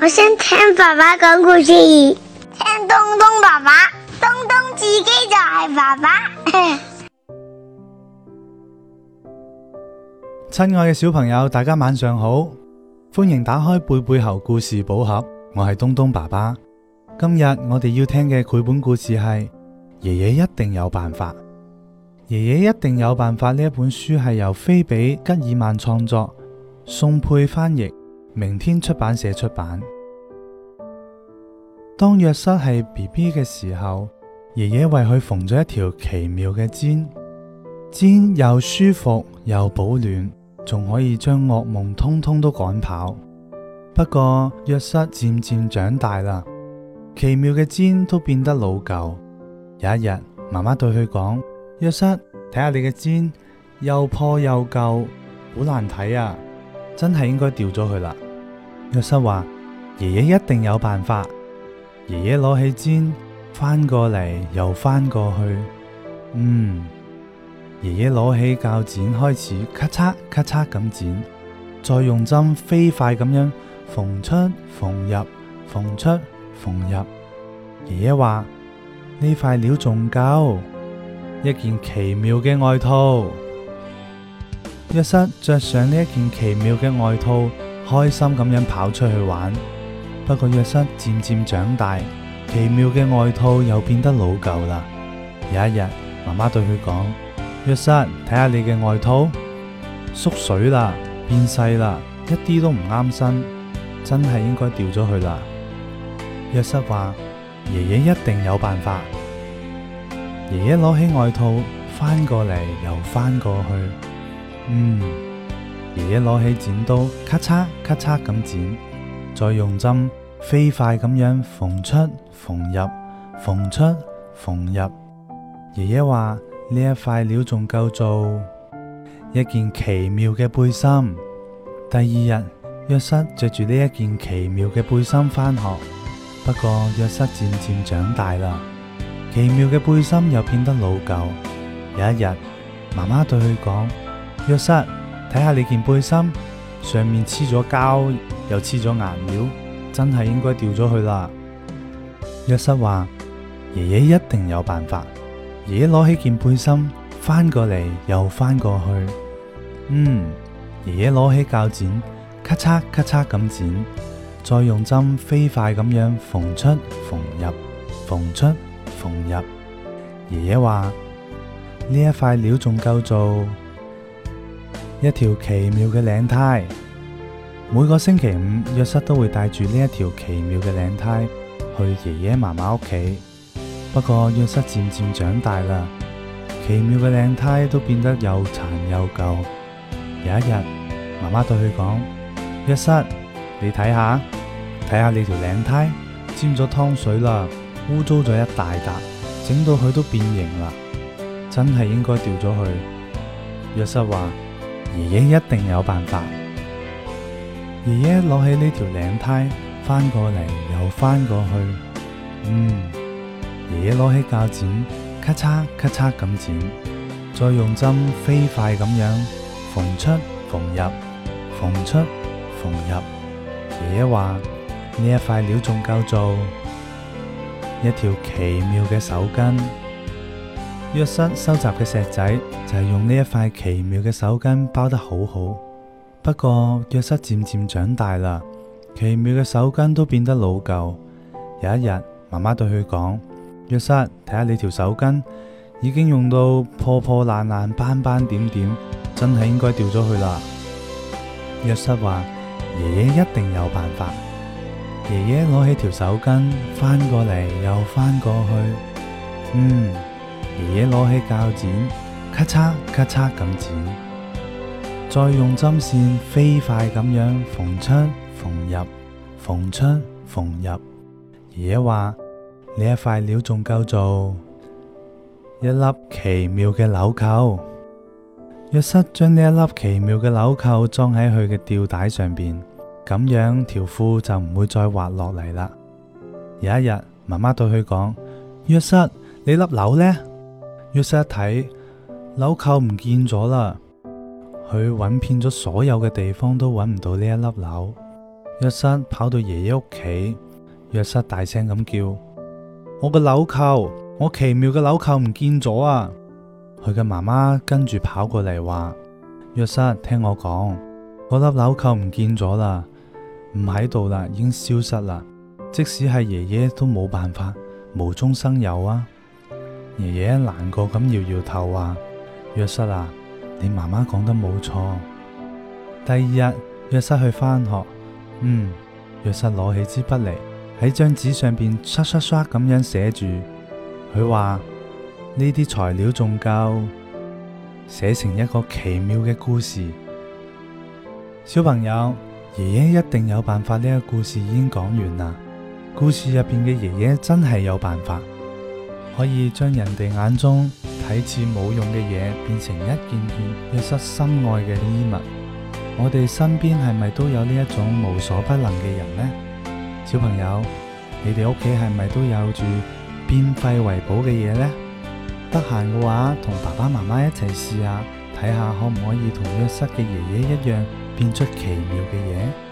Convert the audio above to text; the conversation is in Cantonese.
我想聽爸爸講故事，聽東東爸爸，東東自己就係爸爸。 親愛嘅小朋友，大家晚上好，歡迎打開貝貝猴故事寶盒，我係東東爸爸。今日我哋要聽嘅繪本故事係，爺爺一定有辦法。爺爺一定有辦法。呢一本書係由菲比吉爾曼創作，宋珮翻譯，明天出版社出版。當約瑟係 BB 嘅時候，爺爺為佢縫咗一條奇妙嘅氈，氈又舒服又保暖，仲可以將噩夢通通都趕跑。不過約瑟漸漸長大啦，奇妙嘅氈都變得老舊。有一日，媽媽對佢講。約瑟，睇下你嘅氈又破又舊，好難睇啊！真係應該掉咗佢啦。約瑟話：爺爺一定有辦法。爺爺攞起氈，翻過嚟又翻過去，嗯，爺爺攞起鉸剪開始咔嚓咔嚓咁剪，再用針飛快咁樣縫出縫入縫出縫入。爺爺話：呢塊料仲夠。一件奇妙嘅外套，約瑟着上呢一件奇妙嘅外套，開心咁樣跑出去玩。不過約瑟漸漸長大，奇妙嘅外套又變得老舊啦。有一日，媽媽對佢講：“約瑟，睇下你嘅外套，縮水啦，變細啦，一啲都唔啱身，真係應該掉咗去啦。”約瑟話：“爺爺一定有辦法。”爺爺攞起外套翻過嚟又翻過去，嗯，爺爺攞起剪刀咔嚓咔嚓咁剪，再用針飛快咁樣縫出縫入縫出縫入。爺爺話，呢一塊料仲夠做一件奇妙嘅背心。第二日，約瑟着住呢一件奇妙嘅背心返學。不過，約瑟漸漸長大啦。奇妙嘅背心又變得老舊。有一日，媽媽對佢講：，約瑟，睇下你件背心，上面黐咗膠，又黐咗顏料，真係應該掉咗去啦。約瑟話：，爺爺一定有辦法。爺爺攞起件背心，翻過嚟，又翻過去。嗯，爺爺攞起鉸剪，咔嚓咔嚓咁剪，再用針飛快咁樣縫出縫入縫出。縫入縫出縫入，爺爺話呢一塊料仲夠做一條奇妙嘅領呔。每個星期五，約瑟都會帶住呢一條奇妙嘅領呔去爺爺媽媽屋企。不過，約瑟漸漸長大啦，奇妙嘅領呔都變得又殘又舊。有一日，媽媽對佢講：，約瑟，你睇下，睇下你條領呔沾咗湯水啦。污糟咗一大笪，整到佢都變形啦，真係應該掉咗佢。約瑟話：爺爺一定有辦法。爺爺攞起呢條領呔，翻過嚟又翻過去，嗯，爺爺攞起鉸剪，咔嚓咔嚓咁剪，再用針飛快咁樣縫出縫入，縫出縫入。爺爺話：呢一塊料仲夠做一條奇妙嘅手巾，約瑟收集嘅石仔就係、是、用呢一塊奇妙嘅手巾包得好好。不過約瑟漸漸長大啦，奇妙嘅手巾都變得老舊。有一日，媽媽對佢講：約瑟，睇下你條手巾已經用到破破爛爛、斑斑點點，真係應該掉咗佢啦。約瑟話：爺爺一定有辦法。爺爺攞起條手巾，翻過嚟又翻過去。嗯，爺爺攞起鉸剪，咔嚓咔嚓咁剪，再用針線飛快咁樣縫出縫入，縫出縫入。爺爺話：呢一塊料仲夠做一粒奇妙嘅紐扣。約瑟將呢一粒奇妙嘅紐扣裝喺佢嘅吊帶上邊。咁樣條褲就唔會再滑落嚟啦。有一日，媽媽對佢講：約瑟，你粒紐呢？約瑟一睇，紐扣唔見咗啦。佢揾遍咗所有嘅地方都揾唔到呢一粒紐。約瑟跑到爺爺屋企，約瑟大聲咁叫：我個紐扣，我奇妙嘅紐扣唔見咗啊！佢嘅媽媽跟住跑過嚟話：約瑟，聽我講，我粒紐扣唔見咗啦。唔喺度啦，已經消失啦。即使係爺爺都冇辦法，無中生有啊！爺爺難過咁搖搖頭，啊，話：約瑟啊，你媽媽講得冇錯。第二日，約瑟去翻學。嗯，約瑟攞起支筆嚟，喺張紙上邊刷刷刷咁樣寫住。佢話：呢啲材料仲夠，寫成一個奇妙嘅故事。小朋友。爺爺一定有辦法。呢個故事已經講完啦。故事入邊嘅爺爺真係有辦法，可以將人哋眼中睇似冇用嘅嘢，變成一件件約瑟心愛嘅衣物。我哋身邊係咪都有呢一種無所不能嘅人呢？小朋友，你哋屋企係咪都有住變廢為寶嘅嘢呢？得閒嘅話，同爸爸媽媽一齊試下，睇下可唔可以同約瑟嘅爺爺一樣，變出奇妙嘅嘢。